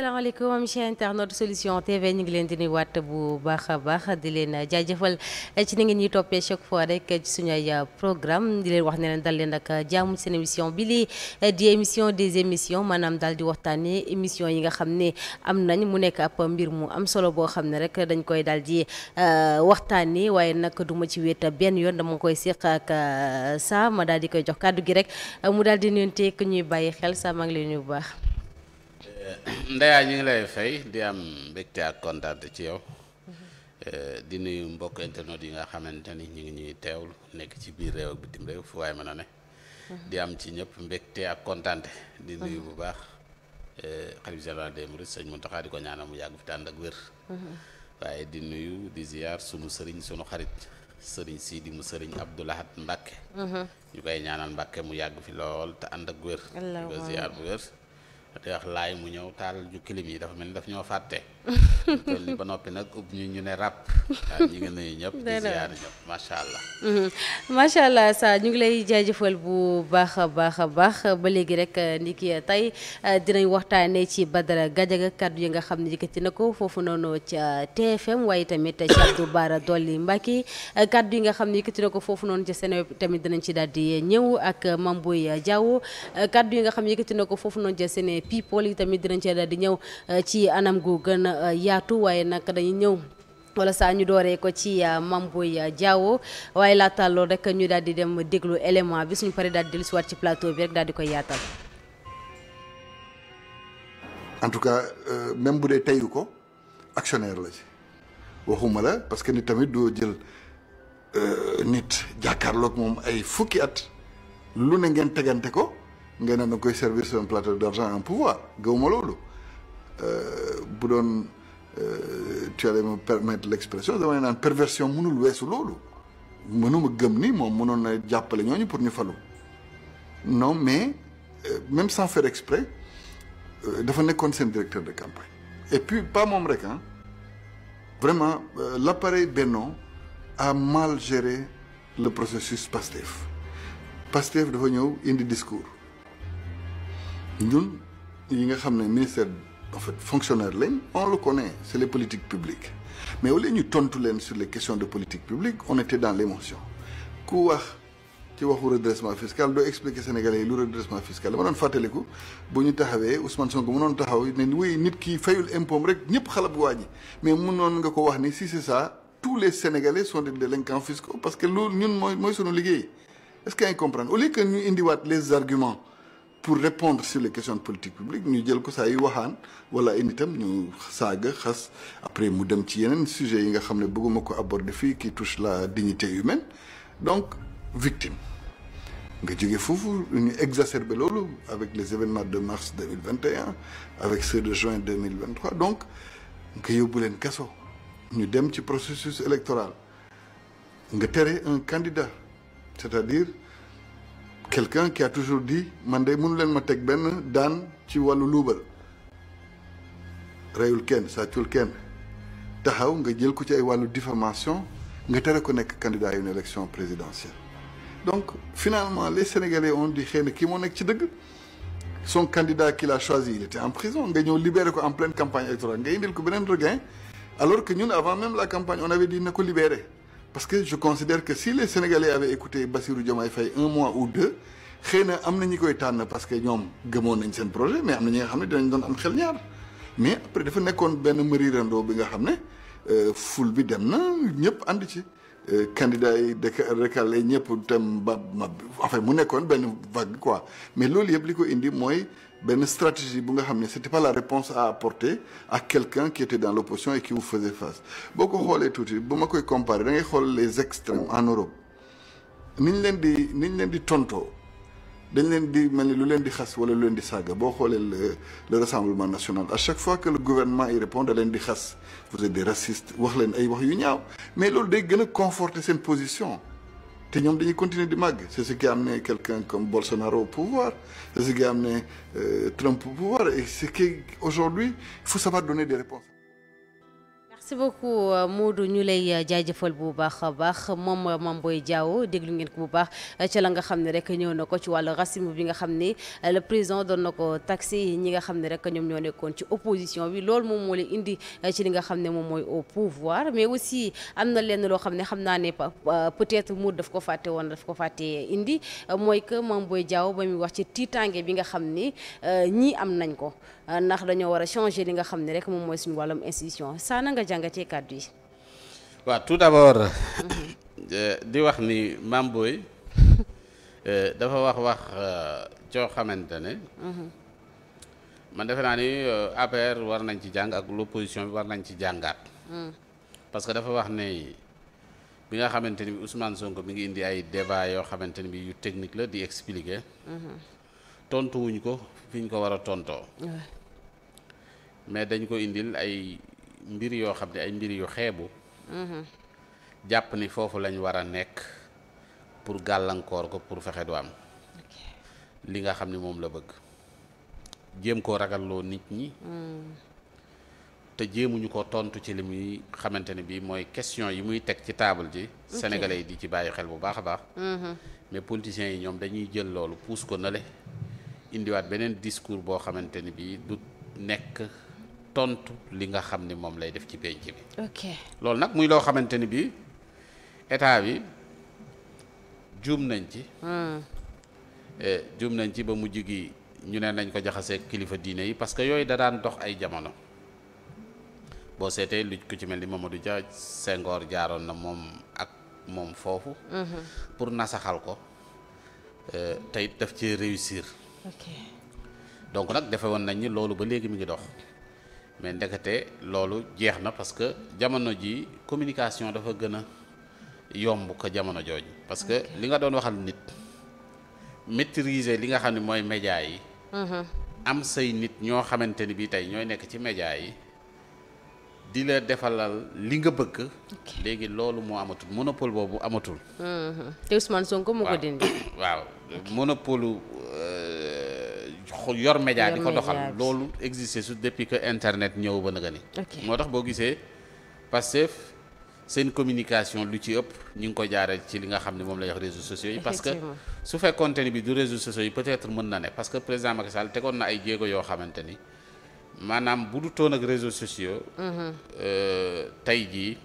asalaamaaleykum chers internautes solution TV ñu ngi leen di nuyuwaat bu baax a baax di leen jaajëfal ci ni ngeen ñuy toppee chaque fois rek ci suñu ay programme di leen wax ne leen dal leen ak jàmm seen émission bi lii di émission des émissions maanaam daal di waxtaanee émission yi nga xam ne am nañ mu nekk ab mbir mu am solo boo xam ne rek dañ koy daal di euh, waxtaanee waaye nag duma ci wéet benn yoon dama koy séq ak euh, saama ma daal di koy jox kàddu gi rek mu daal di nuyonteeg ñuy bàyyi xel saa maa leen nuyu Eh, Ndeya ñu ngi lay fay di am mbégte ak kontaan ci yow eh, di nuyu mbokk internet yi nga xamante ni ñu ngi ñuy teewlu nekk ci biir réew ak bitim réew fu waay mën a ne. di am ci ñëpp mbégte ak kontaan di nuyu bu baax xalifa eh, général des mourides sëñ Mountakha di ko ñaanal mu yàgg fi tànd ak wér. waaye di nuyu di ziar sunu sëriñ sunu xarit sëriñ Sidi mu sëriñ Abdou Lahad ñu koy ñaanal Mbacke mu yàgg fi lool te ànd ak wér. ko ziar bu wér. te wax laay mu ñëw taal ju kilim yi dafa mel ni daf ñoo fàtte toll ni ba noppi nag ub ñu ñu ne ràpp waaw macha allah mm-hmm. macha ñu ngi lay jaajëfal bu baax a baax a baax ba léegi rek uh, ndiki uh, tey uh, dinañ waxtaane ci Badara Gadiaga kàddu yi nga xam ne yëkkati na ko foofu noonu ca TFM waaye tamit ci Abdou Bara Dolly Mbacké kàddu yi nga xam ne yëkkati na ko foofu noonu ca Seneweb tamit dinañ ci daal di ñëw ak Mame Boye Diao kàddu yi nga xam ne yëkkati na ko foofu noonu ca Sene People yi tamit dinañ ci daal di ñëw ci anam goo gën a uh, yaatu waaye nag dañu ñëw wala saa ñu dooree ko ci uh, Mame Boye uh, Diao waaye laata loolu rek ñu daal di dem déglu élément bi suñu paree daal di dellusiwaat ci plateau bi daal di koy yaatal. en tout cas euh, même bu dee teyu ko actionnaire la waxuma la parce que nit tamit doo jël euh, nit jàkkaarlook moom ay fukki at lu ne ngeen tegante ko ngeen ne na koy servir sur plateau d'argent en pouvoir gëwuma loolu. Euh, bu doon euh, tu allais me permettre l'expression dama ne naan perversion mënul weesu loolu mënuma gëm ni moom mënoon na jàppale ñooñu pour ñu falu non mais euh, même sans faire exprès dafa nekkoon seen directeur de campagne et puis pas moom rek ah vraiment l'appareil Benno a mal géré le processus Pastef Pastef dafa ñëw indi discours ñun yi nga xam ne ministère en fait fonctionnaire lañ on le connaît c'est les politiques publiques mais au ñu tontu leen sur les questions de politique publique on était dans l'émotion ku wax ci waxu redressement fiscal doo expliquer Sénégalais yi lu redressement fiscal dama doon fàttaliku bu ñu taxawee Ousmane Sonko mënoon taxaw ne wuy nit ki fayul impôt rek ñëpp xalab waa ji mais mënoon nga ko wax ni si c'est ça tous les Sénégalais sont des délinquants fiscaux parce que loolu ñun mooy mooy sunu liggéey est-ce que yaa indiwaat les arguments pour répondre sur les questions de politique publique ñu jël ko saa yu waxaan wala ay nitam ñu saaga xas après mu dem ci yeneen sujet yi nga xam ne bëgguma ko aborder fii qui touche la dignité humaine donc victime nga jóge foofu ñu exacerbé loolu avec les événements de mars 2021 avec ceux de juin 2023 donc nga yóbbu leen kaso ñu dem ci processus électoral nga tere un candidat c'est-à-dire quelqu'un qui a toujours dit man de mënu leen ma teg benn daan ci wàllu luubal reyul kenn sàccul kenn taxaw nga jël ko ci ay wàllu diffamation nga tere ko nekk candidat yu une élection présidentielle donc finalement les sénégalais ont dit xëy na kii moo nekk ci dëgg son candidat qu'il a choisi il était en prison nga ñëw libéré ko en pleine campagne électorale nga indil ko beneen regain alors que ñun avant même la campagne on avait dit na ko libéré parce que je considère que si les Sénégalais avaient écouté Bassirou Diomaye Faye un mois ou deux xëy na am na ñi koy tànn parce que ñoom gëmoon nañ seen projet mais am na ñi nga xam ne dinañ doon am xel ñaar mais après dafa nekkoon benn mërirandoo bi nga xam ne euh, ful bi dem na ñëpp ànd ci. Euh, candidat yi décalé ñëpp tam ba ma enfin mu nekkoon benn vague quoi mais loolu yëpp li ko indi mooy. benn stratégie bu nga xam ne c'était pas la réponse à apporter à quelqu'un qui était dans l'opposition et qui vous faisait face boo ko xoolee tuuti bu ma koy comparer da ngay xool les extrêmes en Europe ni ñu leen di ni ñu leen di tontoo dañ leen di mel ni lu leen di xas wala lu leen di saaga boo xoolee le le rassemblement national à chaque fois que le gouvernement y répond da leen di xas vous êtes des racistes wax leen ay wax yu ñaaw mais loolu day gën a conforter seen position te ñoom dañuy continuer di màgg c'est ce qui a amené quelqu'un comme Bolsonaro au pouvoir c'est ce qui a amené euh, Trump au pouvoir et c'est qu'aujourd'hui il faut savoir donner des réponses merci beaucoup euh, Modou ñu lay euh, jaajafal bu baax a baax moom euh, Mame Boye Diao déglu ngeen ko bu baax ca la nga xam ne rek ñëw na ko ci wàllu racisme bi nga xam ne le président doon na ko taxé ñi nga xam ne rek ñoom ñoo nekkoon ci opposition bi loolu moom moo leen indi ci li xam ne moom mooy au pouvoir mais aussi am na lenn loo xam ne xam naa ne peut-être Modou daf ko fàtte woon daf ko fàtte indi mooy que Mame Boye ba muy wax ci tiitaange bi nga xam ni ñii am nañ ko ndax dañoo war a changer li nga xam ne rek moom mooy suñu wàllum institution saa nga jàng jàngatee kàddu yi. waaw tout d'abord di wax ni mambooy dafa wax wax coo euh, xamante ne. man defe naa ni euh, APR war nañ ci jàng ak l'opposition bi war nañ ci jàngaat. parce que dafa wax ne bi nga xamante ni Ousmane Sonko mi ngi indi ay débat yoo xamante ni bi yu technique la di expliquer. tontu wuñ ko fi ñu ko war a tontoo. mais dañ ko indil ay mbir yoo xam ne ay mbir yu xeebu mm-hmm. jàpp ni foofu lañu war a nekk pour gàllankoor ko pour fexe du am li nga xam ni moom la bëgg jéem koo ragalloo nit ñi mm. te jéemuñu ko tontu ci limuy muy xamante ne bii mooy question yi muy teg ci table ji sénégalais yi di ci bàyyi xel bu baax a baax mm-hmm. mais politiciens yi ñoom dañuy jël loolu puus ko nale indiwaat beneen discours boo xamante bii du nekk tontu li nga xam ni moom lay def ci penc bi. loolu nag muy loo xamante ni bii état bi juum nañ ci. Hmm. Eh, juum nañ ci ba mu gi ñu ne nañ ko jaxasee kilifa diine yi parce que yooyu da daan dox ay jamono boo seetee lu ku ci mel ni Mamadou Dia Senghor jaaroon na moom ak moom foofu. Hmm. pour nasaxal ko eh, tey daf ci réussir. ok donc nag defe woon nañ ni loolu ba léegi mi ngi dox. mais ndekete loolu jeex na parce que jamono ji communication dafa gën a yomb ko jamono jooju parce que li nga doon waxal nit maîtriser li nga xam ne mooy média yi mhm. am say nit ñoo xamante ni bi tey ñooy nekk ci média yi di la defalal li nga bëgg léegi loolu moo amatul monopole boobu amatul mhm. te Ousmane Sonko moo ko dindi waaw monopole euh, doxul yor média di ko doxal loolu existe su depuis que internet ñëw ba nga moo tax boo gisee Pastef seen communication lu ci ëpp ñu ngi ko jaare ci li nga xam ne moom la wax réseaux sociaux yi parce que su fekkoonte ni bi du réseaux sociaux yi peut-être mën na ne parce que président Macky Sall tegoon na ay jéego yoo xamante maanaam bu du toon ak réseaux sociaux mhm. euh, tey jii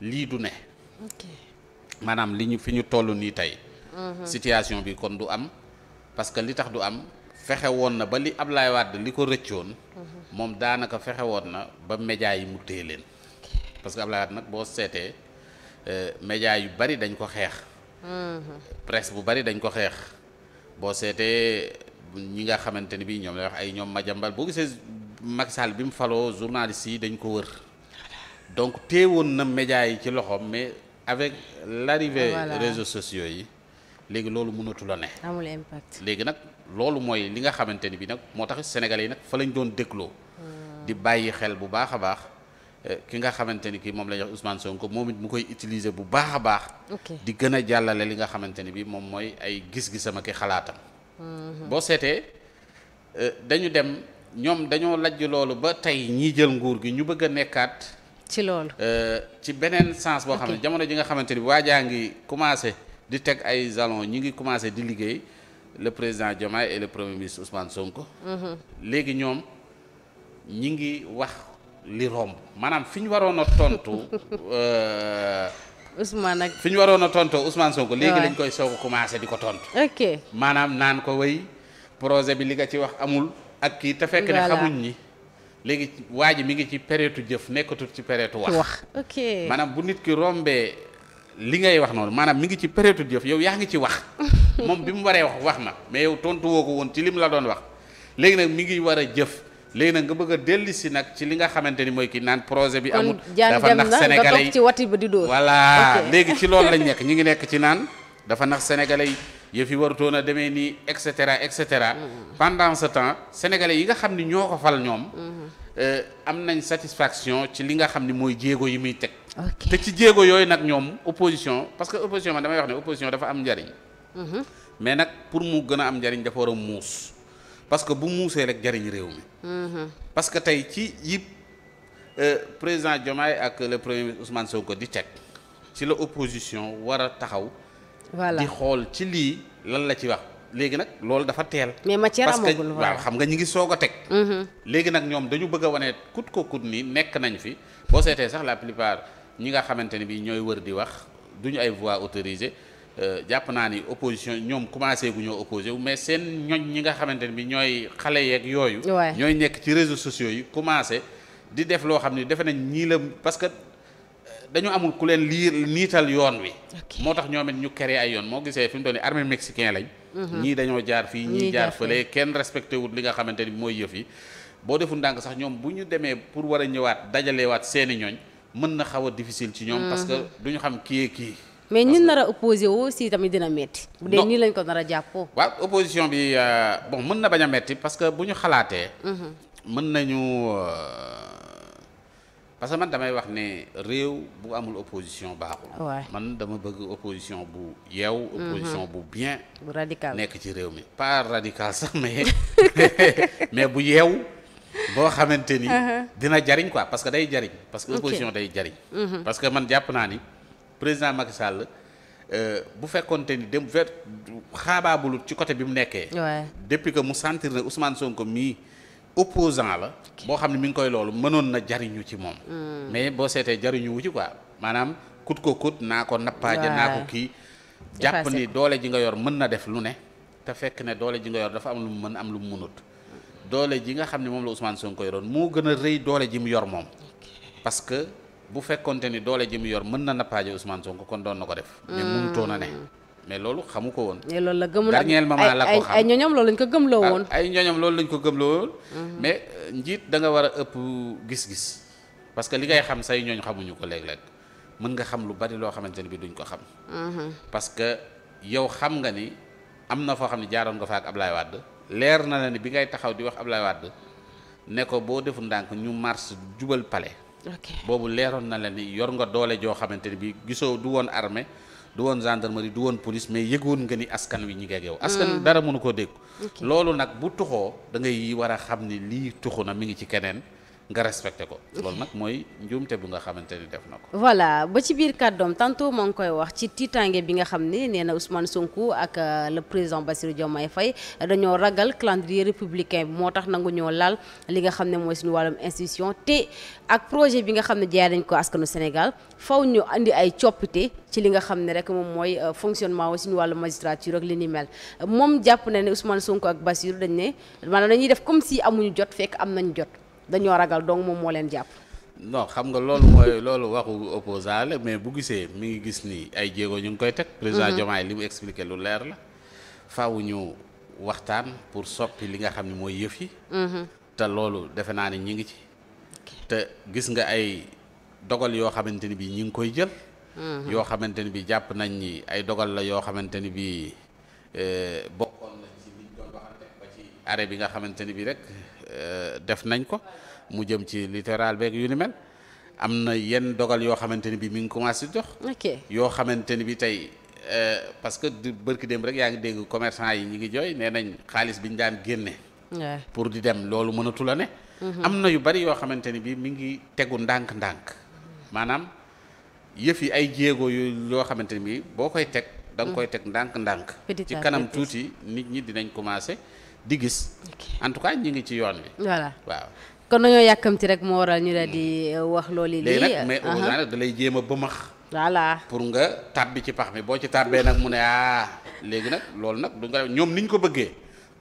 lii du ne maanaam li ñu fi ñu toll nii tey mhm. situation bi kon du am parce li tax du am fexe woon na ba li Ablaye Wade li ko rëccoon moom daanaka fexe woon na ba média yi mu téye leen parce que Ablaye nag boo seetee euh, média yu bari dañ ko xeex mm-hmm. presse bu bari dañ ko xeex boo seetee ñi nga xamante ni bii ñoom lay wax ay ñoom Madiambal boo gisee Macky bi mu faloo journaliste yi dañ ko wër donc téewoon na média yi ci loxoom mais avec l'arrivée réseaux sociaux yi léegi loolu mënatu la ne. léegi nag loolu mooy li nga xamante ni bi nag moo tax sénégalais yi nag fa lañ doon dégloo. Hmm. di bàyyi xel bu baax a baax. Eh, ki nga xamante ni kii moom la ñuy wax moom it mu koy utiliser bu baax a baax. di gën a jàllale li nga xamante ni bi moom mooy ay gis-gisam ak xalaatam. Hmm. boo seetee eh, dañu dem ñoom dañoo lajj loolu ba tey ñii jël nguur gi ñu bëgg a nekkaat. ci loolu. Eh, ci beneen sens boo xam jamono ji nga xamante ni waajaa ngi commencé. di teg ay jalons ñi ngi commencé di liggéey le président Diomaye et le premier ministre Ousmane Sonko. léegi ñoom ñi ngi wax li romb maanaam fi ñu waroon a tontu. Euh, Ousmane ak fi ñu waroon a tontu Ousmane Sonko. léegi lañ koy soog a commencé di ko tontu. ok maanaam naan ko wéy projet bi li nga ci wax amul. ak kii te fekk ne xamuñ ñi. léegi waa ji mi ngi ci période jëf nekkatul ci période wax. maanaam bu nit ki rombee. li ngay wax noonu maanaam mi ngi ci période jëf yow yaa ngi ci wax moom bi mu waree wax wax na mais yow tontuwoo woo ko woon ci li mu la doon wax léegi nag mi ngi war a jëf léegi nag nga bëgg a dellu si nag ci li nga xamante ni mooy kii naan projet bi amul dafa nax sénégalais yi ci wati ba di dóor ci loolu lañ nekk ñi ngi nekk ci naan dafa nax sénégalais yi yëf yi warutoon a demee nii et cetera et cetera mm. pendant ce temps sénégalais yi nga xam ni ñoo ko fal ñoom mm-hmm. euh, am nañ satisfaction ci li nga xam ni mooy jéego yi muy teg te ci jéego yooyu nag ñoom opposition parce que opposition man damay wax ne opposition dafa am njariñ. Mhm. mais nag pour mu gën a am njariñ dafa war a muus parce que bu muusee rek jariñ réew mi. Mhm. parce que tey ci yi euh, président Diomaye ak le premier ministre Ousmane Sonko di teg ci la opposition war a taxaw. voilà di xool ci lii lan la ci wax. léegi nag loolu dafa teel. mais matière amagul waaw xam nga ñi ngi soog a teg. Mhm. léegi nag ñoom dañu bëgg a wane kut ko kut ni nekk nañ fi boo seetee sax la plupart ñi nga xamante ne bi ñooy wër di wax duñu ay voix autorisées euh, jàpp naa ni opposition ñoom commencé gu ñoo opposé wu mais seen ñoñ ñi nga xamante ne bi ñooy xale yeeg yooyu ñooy nekk ci réseau sociaux yi commencé di def loo xam ne defe nañ ñii la parce que euh, dañu amul ku leen liir niital yoon wi moo tax ñoom it ñu créé ay yoon moo gisee fi mu toll nii armée mexicain lañ mhm. ñii dañoo jaar fii ñii jaar fële kenn respecté wut li nga xamante bi mooy yëf yi boo deful ndànk sax bu ñu demee pour war a ñëwaat dajalewaat seeni ñooñ mën na xaw a difficile ci ñoom. parce que mhm. du ñu xam kii kii. mais ñi nar a opposé wu aussi tamit dina metti bu dee nii lañ ko nar a jàppoo. waaw opposition bi euh, bon mën na bañ a metti parce que bu ñu xalaatee. Mhm. mën nañu euh, parce que man damay wax ne réew bu amul opposition baaxul. man dama bëgg opposition bu yeew. Mhm. opposition bu bien. bu radical nekk ci réew mi pas radical sax mais mais bu yeew. boo xamante ni. Uh-huh. dina jariñ quoi parce que day jariñ. parce que opposition day jariñ. Uh-huh. parce que man jàpp naa ni président Macky Sall euh, bu fekkoonte ni dem ver xaabaabulut ci côté bi mu nekkee. depuis que mu sentir ne Ousmane ko mii opposant la. boo xam ne mu ngi koy loolu mënoon na jariñu ci moom. Mm. mais boo seetee jariñu wu ci quoi maanaam kut ko kut naa ko nappaaje naa ko kii. jàpp ni doole ji nga yor mën na def lu ne. te fekk ne doole ji nga yor dafa am lu mu mën am lu mu mënut. doole ji nga xam ne moom la Ousmane Sonko yoroon moo gën a rëy doole ji mu yor moom parce que bu fekkonte ni doole ji mu yor mën na nappaaje Ousmane Sonko kon doon na ko def mais hmm. mënutoon a ne mais loolu xamu ko woon loolu la gëmul dernier moment la ko xam ay ñoñom loolu lañ ko gëmloo ah, ay ñoñom loolu ko gëmloo hmm. mais euh, njiit danga war a ëpp gis-gis parce que li ngay xam say ñooñ xamuñu ko léeg-léeg mën nga xam lu bari loo xamante ne bi duñ ko xam hmm. parce que yow xam nga ni am na foo xam ne jaaroon nga fa ak Ablaye Wade leer na la ni bi ngay taxaw di wax Ablaye Wade ne ko boo defu ndànk ñu mars jubal pale boobu leeroon na la ni yor nga doole joo xamante ni bi gisoo du woon armée du woon gendarmerie du woon polis mais yëgoon nga ni askan wi ñi ngi ak yow. askan hmm. dara mënu koo dégg. loolu nag bu tuxoo da ngay war a xam ni lii tuxu na mi ngi ci keneen. nga respecté ko loolu nag mooy njuumte bu nga xamante ni def na ko voilà ba ci biir kàddoom tantôt moo ngi koy wax ci tiitaange bi nga xam ne nee na Ousmane Sonko ak euh, le président Bassirou Diomaye Faye dañoo ragal calendrier républicain bi moo tax nangu ñoo laal li xam ne mooy suñu wàllum institution te ak projet bi nga xam ne jaay nañ ko askanu Sénégal faw ñu andi ay coppite ci li nga xam ne rek moom mooy euh, fonctionnement wa suñu wàllu magistrature ak li mel moom jàpp na ne Ousmane Sonko ak Bassirou dañ ne maanaam dañuy def comme si amuñu jot fekk am nañu jot dañoo ragal donc moom moo leen jàpp. non xam nga loolu mooy loolu waxu opposant mais bu gisee mi ngi gis ni ay jéego ñu ngi koy teg. président mhm. Diomaye li mu expliqué lu leer la. faaw ñu waxtaan pour soppi li nga xam ne mooy yëf yi. Mhm. te loolu defe naa ne ñu ngi ci. te gis nga ay dogal yoo xamante ni bii ñu ngi koy jël. Mhm. yoo xamante ni bii jàpp nañ ni ay dogal la yoo xamante ni bii eh, bokkoon na ci liñ bi nga xamante ni bii rek. Euh, def nañ ko mu jëm ci littoral beeg yu ni mel am na yenn dogal yoo xamante ni bi mi ngi commencé jox. ok yoo xamante ni bi tey euh, parce que bërki dem rek yaa ngi dégg commerçant yi ñu ngi jooy nee nañ xaalis bi ñu daan génne. pour di dem loolu mënatu ne. Mhm. am na yu bari yoo xamante ni bi mi ngi tegu ndànk-ndànk maanaam yëf yi ay jéego yoo xamante ni bi boo koy teg. da nga mm. koy teg ndànk-ndànk. ci kanam tuuti nit ñi dinañ commencé. di gis. en tout cas ñu ngi ci yoon bi. voilà waaw. kon nañoo yàkkamti rek moo waral ñu daal di mm. euh, wax loolu. lii nag mais uh-huh. au moins da lay jéem a bëmax. voilà pour nga tàbbi ci pax mi boo ci tàbbee nag mu ne ah léegi nag loolu nag du nga ñoom ni ñu ko bëggee.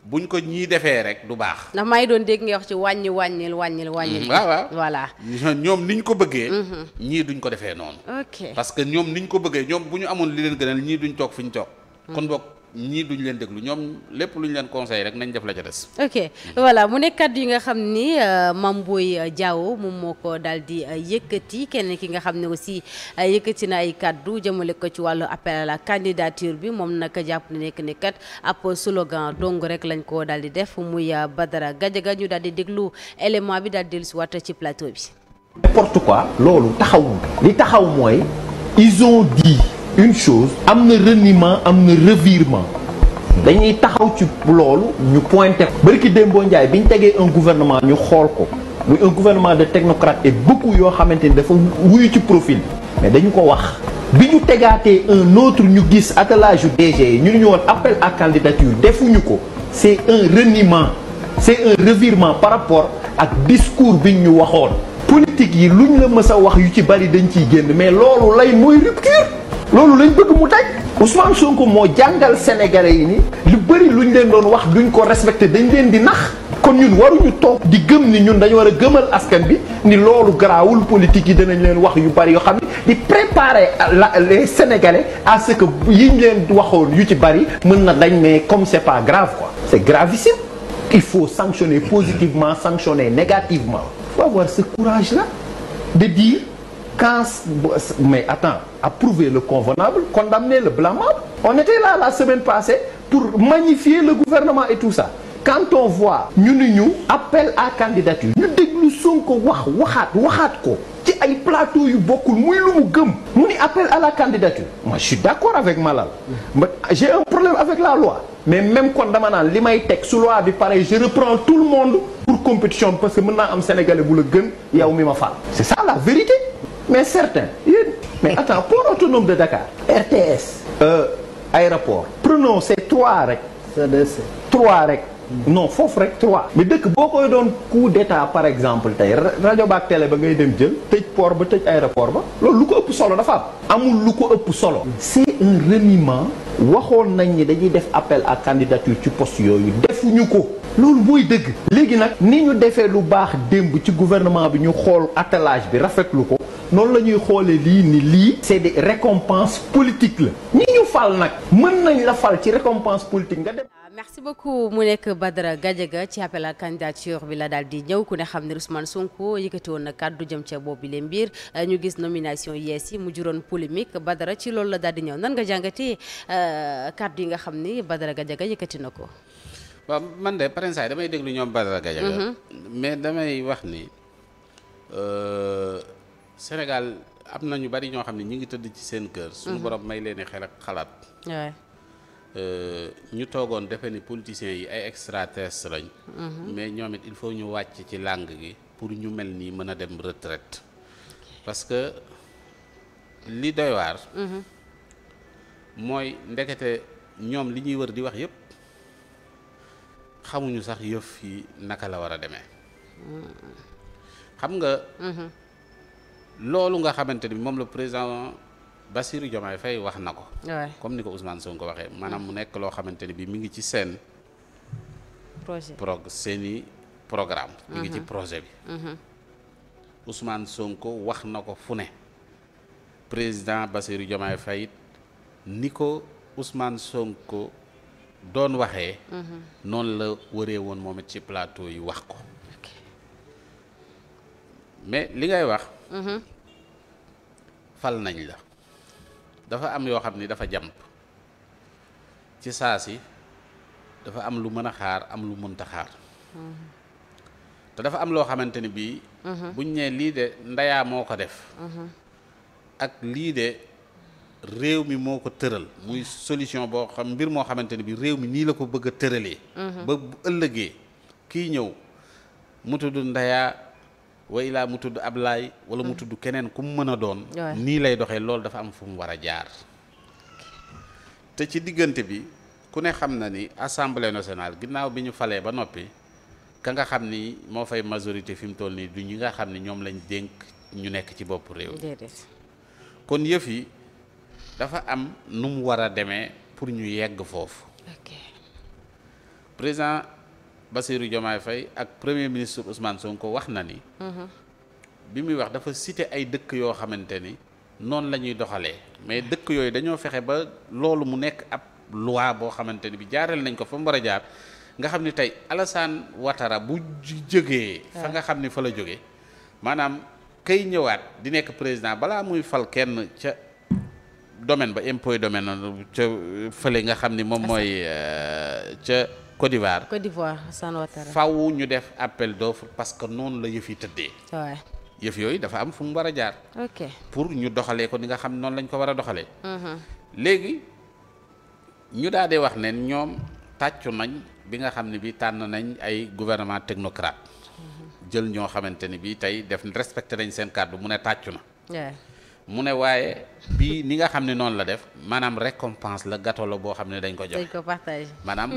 buñ ko ñii defee rek du baax. ndax maa ngi doon dégg nga wax ci wàññi wàññil wàññil mm-hmm. wàññil. waaw waaw voilà. ñoom niñ ko bëggee. Mm-hmm. ñii duñ ko defee noonu. ok parce que ñoom niñ ko bëggee ñoom bu ñu amoon li leen gënal ñii duñ toog fi toog. Mm-hmm. kon boog ñii duñ leen déglu ñoom lépp lu ñu leen conseil rek nañ def la ca des. ok voilà mu nekk kàddu yi nga xam ni euh, Mame Boye euh, Diao moom moo ko dal di euh, yëkkati kenn ki nga xam ne aussi yëkkati na ay kàddu jëmale ko ci wàllu appel à la candidature bi moom nag jàpp na nekk ne kat ab slogan dong rek lañ ko daal di def muy Badara Gadiaga ñu daal di déglu élément bi daal di dellusiwaat ci plateau bi. n'importe quoi loolu taxawul li taxaw mooy ils ont une chose am na reniement am na revirement dañuy taxaw ci loolu ñu pointé ko bërki Dembo Ndiaye bi ñu tegee un gouvernement ñu xool ko muy un gouvernement de technocrate et beaucoup yoo xamante ni dafa wuyu ci profil mais dañu ko wax bi ñu tegaatee un autre ñu gis attelage yu DG yi ñu ñu woon appel à candidature defuñu ko c'est un reniement c'est un revirement par rapport ak discours bi ñu waxoon politique yi luñ la mës a wax yu ci bari dañ ciy génn mais loolu loolu lañ bëgg mu taj Ousmane Sonko moo jàngal sénégalais yi nii lu bëri ñu leen doon wax duñ ko respecté dañ leen di nax kon ñun waruñu toog di gëm ni ñun dañu war a gëmal askan bi ni loolu garaawul politique yi danañ leen wax yu bëri yoo xam ne di préparer les sénégalais à ce que yiñ leen waxoon yu ci bëri mën na dañ mais comme c'est pas grave ko c'est gravissime il faut sanctionner positivement sanctionner négativement il faut avoir ce courage quand mais à approuver le convenable condamner le blâmable on était là la semaine passée pour magnifier le gouvernement et tout ça quand on voit ñu ni ñu appel à candidature ñu déglu ko wax waxaat waxaat ko ci ay plateau yu bokkul muy lu mu gëm mu ni appel à la candidature moi je suis d'accord avec Malal j'ai un problème avec la loi mais même kon dama li may teg su loi bi pareil je reprends tout le monde pour compétition parce que mën naa am sénégalais bu la gën yow mi ma fal c'est vérité mais certains yéen mais attends port autonome de Dakar RTS euh, aéroport prenons ces trois rek trois rek non foofu rek trois mais dëkk boo koy doon coup d'état par exemple tey rajo baak télé ba ngay dem jël tëj port ba tëj aéroport ba loolu lu ko ëpp solo dafa am amul lu ko ëpp solo c'est un reniement waxoon nañ ni dañuy def appel ak candidature ci post yooyu defuñu ko loolu mooy dëgg. léegi nag ni ñu defee lu baax démb ci gouvernement bi ñu xool attelage bi rafetlu ko noonu la ñuy xoolee lii ni lii. c'est des récompenses politiques la. ñi ñu fal nag mën nañ la fal ci récompense politique nga dem. Ah, merci beaucoup mu nekk Badara Gadiaga ci appel à candidature bi la daal di ñëw ku ne xam ne Ousmane Sonko yëkkati woon na kàddu jëm ca boobu leen mbir eh, ñu gis nomination yees yi mu juróon polémique Badara ci loolu la daal di ñëw nan nga jàngatee eh, kàddu yi nga xam ni Badara Gadiaga yëkkati na ko. waaw man de par exemple damay déglu ñoom Badara Gadiaga mm-hmm. mais damay wax ni euh, Sénégal am na ñu bari ñoo xam ne ñu ngi tëdd ci seen kër. suñu mm-hmm. borom may leen xel ak xalaat. Euh, ñu toogoon defe ni politiciens yi ay extraterrestres lañ. Mm-hmm. mais ñoomit il faut ñu wàcc ci langue gi pour ñu mel nii mën a dem retraite parce que li doy waar. mooy ndekete ñoom li ñuy wër di wax yépp xamuñu sax yëf yi naka la war a demee xam nga mm-hmm. loolu nga xamante ni moom la président Bassirou Diomaye Faye wax na ko comme ni ko Ousmane Sonko waxee maanaam mu mm. nekk loo xamante ni bi mu ngi ci seen projet prog ci mm-hmm. projet bi mm-hmm. Ousmane Sonko wax na ko fu ne président Bassirou Diomaye Faye ni ko Ousmane Sonko doon waxee mhm. noonu la wëree woon moom ci plateau yi wax ko mais li ngay wax mhm. fal nañ la dafa am yoo xam ni dafa jàmp ci saa si dafa am lu mën a xaar am lu mënta xaar mhm. te dafa am loo xamante ni bii buñ ne lii de ndayaa moo ko def ak lii de réew mi moo ko tëral muy solution boo xam mbir moo xamante ne bi réew mi nii la ko bëgg a tëralee mhm. ba ëllëgee kii ñëw mu tudd Ndaya wa ilaa mu tudd ab laay wala mu mhm. tudd keneen ku mu mën a doon nii lay doxee loolu dafa am fu mu war a jaar te ci diggante bi ku ne xam na ni assemblée nationale ginnaaw bi ñu falee ba noppi ka nga xam ni moo fay majorité fi mu toll nii du ñi nga xam ni ñoom lañ dénk ñu nekk ci bopp réew mi kon yëf yi dafa am nu mu war a demee pour ñu yegg foofu président Bassirou Diomaye Faye ak premier ministre Ousmane Sonko wax na ni mhm. bi muy wax dafa cité ay dëkk yoo xamante ni noonu la ñuy doxalee mais dëkk yooyu dañoo fexe ba loolu mu nekk ab loi boo xamante ni bi jaareel nañ ko fa mu war a jaar nga xam ni tey Alassane watara bu jógee fa nga xam ni fa la jógee maanaam kay ñëwaat di nekk président balaa muy fal kenn ca domaine ba impôt domaine ca fële nga xam ni moom mooy euh, ca Côte d'Ivoire. Côte d'Ivoire Sane faaw ñu def appel doo parce que noonu la yëf yi tëddee. yëf yooyu dafa am fu mu war a jaar. pour ñu doxalee ko ni nga xam noonu lañ ko war a doxalee. Mm-hmm. léegi ñu daal di wax ne ñoom tàccu nañ bi nga xam ne bi tànn nañ ay gouvernement technocrate. Mm-hmm. jël ñoo xamante ni bi tey def respecté nañ seen kàddu mu ne tàccu na. mu ne waaye bii ni nga xam ne noonu la def maanaam récompense la gâteau la boo xam ne dañ ko jox dañ ko partagé maanaam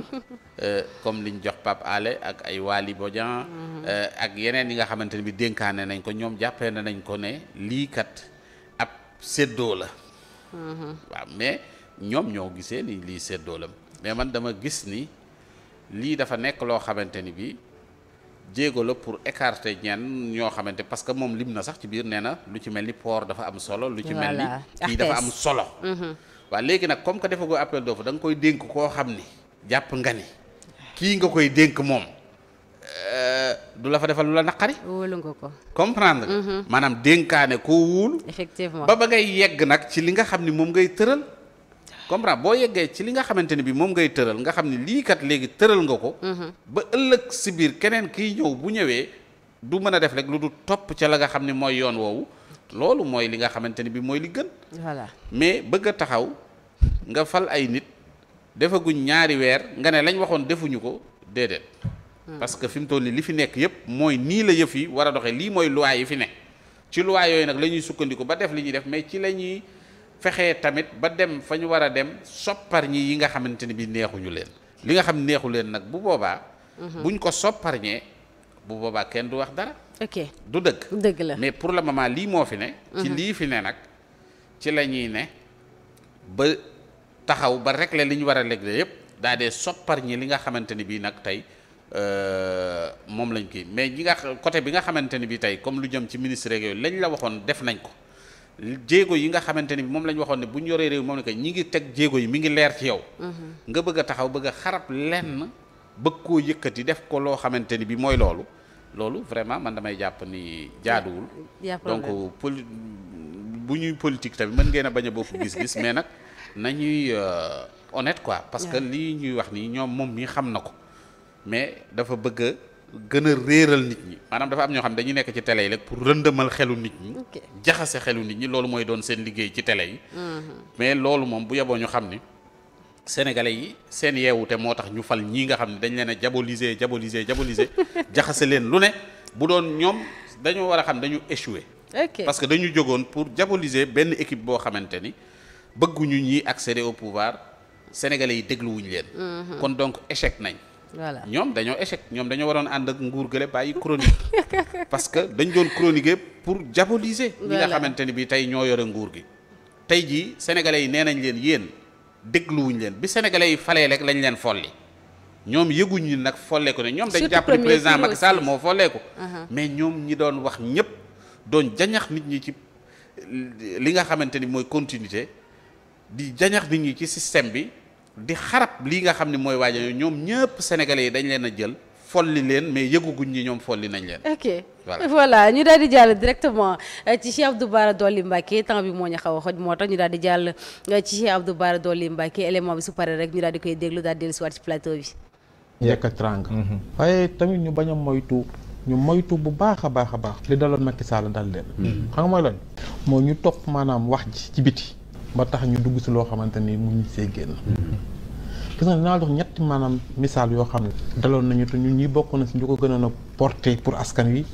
euh, comme liñ jox Pape ak ay Waly Bodian mhm. euh, ak yeneen yi nga xamante ne bi dénkaane nañ ko ñoom jàppee na nañ ko ne lii kat ab séddoo la mhm. waaw mais ñoom ñoo gisee ni lii séddoo la mais man dama gis ni lii dafa nekk loo xamante ni bi jéego la pour écarter ñenn ñoo xamante parce que moom lim na sax ci biir nee na lu ci mel ni port dafa am solo. lu ci mel ni kii dafa am solo. Mhm. waaw léegi nag comme que defagoo appel d'offre da nga koy dénk koo xam ni jàpp nga ni kii nga koy dénk moom. Euh, du la fa defal la naqari. wóolu nga ko. comprendre nga. Mhm. maanaam dénkaane ba ba ngay yegg nag ci li nga xam ni moom ngay tëral. comprendre boo yeggee ci li nga xamante ne bi moom ngay tëral nga xam ne lii kat léegi tëral nga ko mhm. ba ëllëg si biir keneen kiy ñëw bu ñëwee du mën a def rek lu du topp ca la nga xam ne mooy yoon woowu loolu mooy li nga xamante ni bi mooy li gën voilà mais bëgg a taxaw nga fal ay nit defaguñ ñaari weer nga ne lañ waxoon defuñu ko déedéet hmm. parce que fi mu toll nii li fi nekk yëpp mooy nii la yëf yi war a doxee lii mooy loi yi fi nekk ci loi yooyu nag la ñuy sukkandiku ba def li ñuy def mais ci la ñuy fexe tamit ba dem fa ñu war a dem sopparñi yi nga xamante ne bi neexuñu leen li nga xam neexu leen nag bu boobaa mhm. buñ ko sopparñee bu boobaa kenn du wax dara ok du dëgg dëgg mais pour le moment lii moo fi ne ci mhm. lii fi ne nag ci la ñuy ne ba taxaw ba régler li ñu war a régler yëpp daa dee sopparñi li nga xamante ni bii nag tey euh, moom lañ kii mais ñi nga côté bi nga xamante ni bii tey comme lu jëm ci ministre yooyu lañ la waxoon def nañ ko jéego yi nga xamante ni moom la waxoon ne bu ñu yoree réew moom ne que ñi ngi teg jéego yi mu ngi leer ci yow. Mm-hmm. nga bëgg a taxaw bëgg a xarab lenn bëgg koo yëkkati def ko loo xamante ni bi mooy loolu loolu vraiment man damay jàpp ni jaaduwul. donc poli bu ñuy politique tamit mën ngeen a bañ a bokk gis-gis mais nag nañuy euh, honnête quoi. parce que lii ñuy wax nii ñoom moom mii xam na ko mais dafa bëgg gën a réeral nit ñi maanaam dafa am ñoo xam ne dañuy nekk ci télé yi rek pour rëndëmal xelu nit ñi jaxase xelu nit ñi loolu mooy doon seen liggéey ci télé yi mm-hmm. mais loolu moom bu yeboo ñu xam ni sénégalais yi seen yeewute moo tax ñu fal ñii nga xam ne dañ leen a diaboliser diaboliser diaboliser jaxase leen lu ne bu doon ñoom dañoo war a xam dañu échoué parce que dañu jógoon pour diaboliser benn équipe boo xamante ni bëgguñu ñii accéder au pouvoir sénégale yi dégluwuñu leen mm-hmm. kon donc échec nañ voilà ñoom dañoo échec ñoom dañoo waroon ànd ak nguur gële bàyyi chronique parce que dañ doon chroniquer pour diaboliser. ñi nga xamante ni bi tey ñoo yore nguur gi. tey jii sénégalais yi nee nañ leen yéen dégluwuñ leen bi sénégalais yi falee rek lañ leen folli ñoom yëguñu nag folleeku ne ñoom dañ jàpp ni président Macky Sall moo folleeku uh-huh. mais ñoom ñi doon wax ñëpp doon jañax nit ñi ci li nga xamante ni mooy continuité di jañax nit ñi ci système bi di xarab lii nga xam ne mooy waaja ñoom ñëpp sénégalais yi dañ leen a jël folli leen mais yëguguñ ñi ñoom folli nañ leen. ok voilà ñu daal di jàll directement euh, ci Cheikh Abdou Bara Dolly Mbacké temps bi moo ñu xaw a xoj moo tax ñu daal di jàll euh, ci Cheikh Abdou Bara Dolly Mbacké élément bi su paree rek ñu daal di koy déglu daal di dellu si waat ci plateau bi. yekk ak trang. Mhm. waaye tamit ñu bañ a moytu ñu moytu bu baax a baax a baax. li daloon Macky Sall dal leen. Mhm. xam nga moo ñu topp maanaam wax ji ci biti. ba tax ñu dugg si loo xamante ni mënuñ see génn. gis nga dinaa dox ñetti maanaam misaal yoo xam ne daloon nañu te ñu ñi bokk na si ñu ko gënoon a porté pour askan wi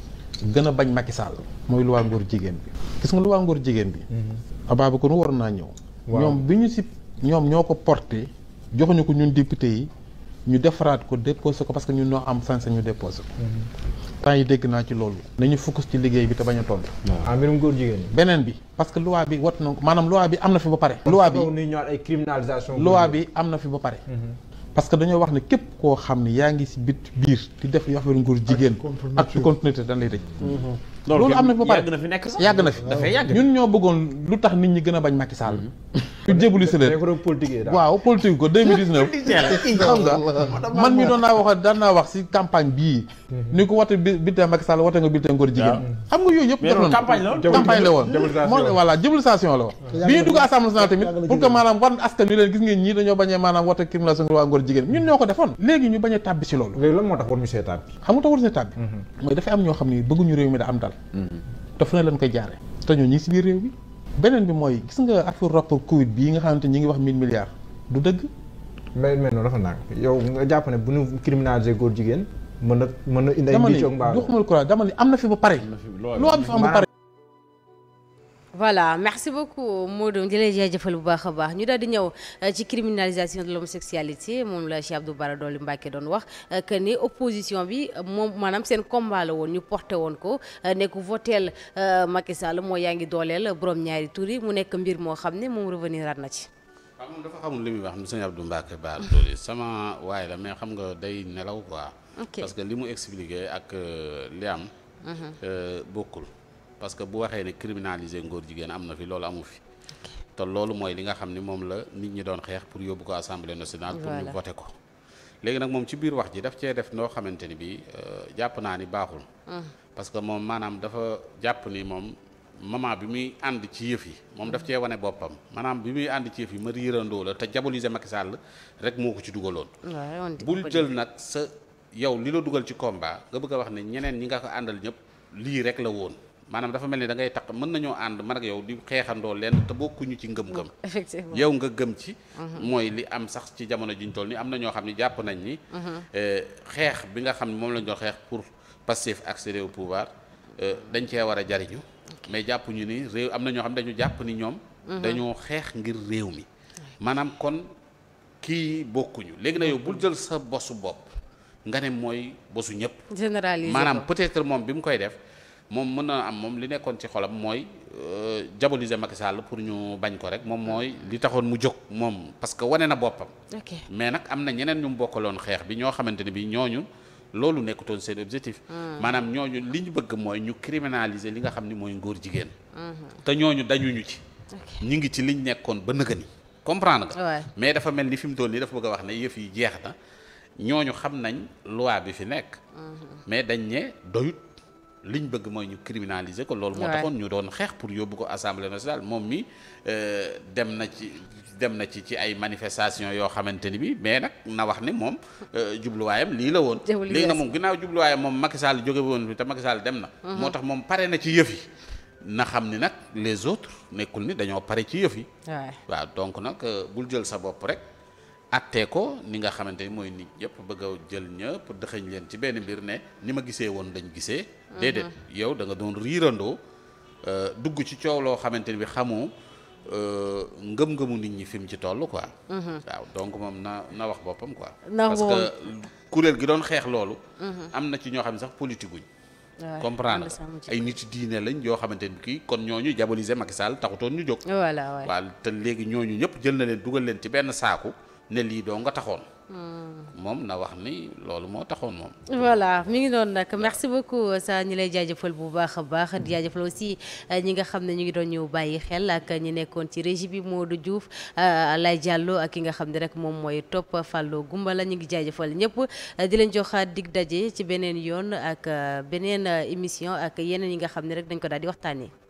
gën a bañ Macky Sall mooy luwaa ngóor jigéen bi. gis nga luwaa ngóor jigéen bi. Mhm. Ababacar war naa ñëw. ñoom bi ñu si ñoom ñoo ko porté joxuñu ko ñun député yi ñu defaraat ko déposé ko parce que ñun ñoo am sañ-sañu déposé ko. Mhm. temps yi dégg naa ci loolu nañu focus ci liggéey bi te bañ a tontu ah beneen bi parce que bi wat na maanaam loi bi am na fi ba pare loi mhm. dañoo wax ne képp koo xam ne yaa ngi si bit biir di def yoo xam ne góor jigéen ak continuité dañ lay mhm. loolu am na fi ba pare yàgg na fi nekk yàgg na fi ñun ñoo bëggoon lu tax nit ñi gën a bañ Macky Sall mhm. ñu jébuli si leen waaw politique ko xam nga man mi doon naa wax daan naa wax si campagne bii mhm. ni ko wate bulletin Macky Sall wate nga bulletin góor jigéen xam nga yooyu yëpp def na campagne la woon moo voilà jéblisation la woon bi ñuy dugg assemblée nationale tamit pour que maanaam wan askan wi leen gis ngeen ñii dañoo bañee maanaam wate criminalisation waa jigéen ñun ñoo ko defoon léegi ñu bañ a tàbbi si loolu xam nga tax war ñu see tàbbi mhm. mooy dafa beneen bi mooy gis nga affaire rapport Covid bii nga xamante ñi ngi wax 1000 milliards du dëgg. mais mais noonu dafa naan yow nga jàpp ne bu ñu criminaliser góor jigéen mën na mën na indi ay. mbicc ak mbaaru dama ne am na fi ba pare. loo am fi am ba pare. voilà merci beaucoup Modou di lay jëfal bu baax a baax ñu daal di ñëw euh, ci criminalisation de l'homosexualité moom la Cheikh Abdou Bara Dolly Mbacké doon wax euh, que ni opposition bi euh, moom maanaam seen combat woon ñu porté woon ko nekk voteel Macky Sall moo yaa ngi dooleel borom ñaari tur mu nekk mbir moo xam ne moom revenir at na ci. waaw moom dafa xamul li muy wax ni sëñ Abdou Mbacké Bara Dolly sama waay la mais xam nga day nelaw quoi. parce que li mu expliqué ak li am. Mhm. bokkul. parce que bu waxee ne criminaliser ngóor jigéen am na fi loolu amu fi te loolu mooy li nga xam ni moom la nit ñi doon xeex pour yóbbu ko assemblée nationale pour ñu voté ko léegi nag moom ci biir wax ji daf cee def noo xamante ni bi euh, jàpp naa ni baaxul mm. parce que moom maanaam dafa jàpp ni moom maman bi muy ànd ci yëf yi moom daf cee wane boppam maanaam bi muy ànd ci yëf yi ma riirandoo la te diaboliser Macky Sall rek moo ko ci dugaloon bul jël nag sa yow li la dugal ci combat nga bëgg a wax ne ñeneen ñi nga ko àndal ñëpp lii rek la woon maanaam dafa mel ni da ngay taq mën nañoo ànd man ak yow di xeexandoo lenn te bokkuñu ci ngëm-ngëm effectivement yow nga gëm ci mhm. mooy li am sax ci jamono ji ñu toll ni am na ñoo xam ne jàpp nañ ni mhm. eh, xeex bi nga xam ne moom lañ doon xeex pour Pastef accéder au pouvoir eh, dañ cee war a jariñu mais jàpp ni réew am na ñoo xam ne dañu jàpp ni ñoom mhm. dañoo xeex ngir réew mi maanaam kon kii bokkuñu léegi na yow bul jël sa bosu bopp nga ne mooy bosu ñëpp généraliser maanaam peut-être moom bi mu koy def moom mën na am moom li nekkoon ci xolam mooy euh, diaboliser Macky Sall pour ñu bañ ko rek moom mooy li taxoon mu jóg moom parce que wane na boppam. mais nag am na ñeneen ñu mu bokkaloon xeex bi ñoo xamante ne bi ñu loolu nekkutoon seen objectif. Hmm. maanaam ñooñu li ñu bëgg mooy ñu criminaliser li nga xam ni mooy ngóor jigéen. Hmm. te ñoo ñooñu dañuñu ci. ñu ngi ci liñ nekkoon ba nëgëni. comprendre nga. mais dafa mel ni fi mu toll nii dafa bëgg a wax ne yëf yi jeex na ñooñu xam nañ loi bi fi nekk. Hmm. mais dañ ne li ñu bëgg mooy ñu criminaliser ko loolu moo taxoon ñu doon xeex pour yóbbu ko assemblée nationale moom mi euh, dem na ci dem na ci ci ay manifestation yoo xamante ni bi mais nag na wax ni moom euh, jubluwaayam lii la woon léegi na moom ginnaaw jubluwaayam moom Macky Sall jóge woon bi te Macky Sall dem na mhm. moo tax moom pare na ci yëf na xam ni nag les autres nekkul ni dañoo pare ci yëf yi waaw donc nag euh, bul jël sa bopp rek attee ko ni nga xamante ni mooy nit yëpp bëgg a jël ñëpp dëxëñ leen ci benn mbir ne ni ma gisee woon dañ gisee mhm. déedéet yow da nga doon riirandoo euh, dugg ci coow loo xamante ni bi xamu euh, ngëm-ngëmu nit ñi fi mu ci toll quoi mhm. donc moom na na wax boppam quoi parce que kuréel gi doon xeex loolu mhm. am na ci ñoo xam ne sax politique guñ comprendre ay nit diine lañ yoo xamante ni kii kon ñooñu diaboliser Macky Sall taxutoon ñu jóg voilà waaw te léegi ñooñu ñëpp jël na leen dugal leen ci benn saaku ne lii doo nga taxoon. Hmm. moom na wax ni loolu moo taxoon moom. voilà mi ngi doon nag merci beaucoup sa ñi lay jaajëfal bu baax a baax di jaajëfal aussi euh, ñi nga xam ne ñu ngi doon ñu bàyyi xel ak ñi nekkoon ci régi bi moo Modou Diouf euh, lay jàlloo ak ki nga xam ne rek moom mooy topp Fallou la ñu ngi jaajëfal ñëpp di leen joxaat dig daje ci beneen yoon ak euh, beneen émission ak yeneen yi nga xam ne rek dañ ko daal di waxtaanee.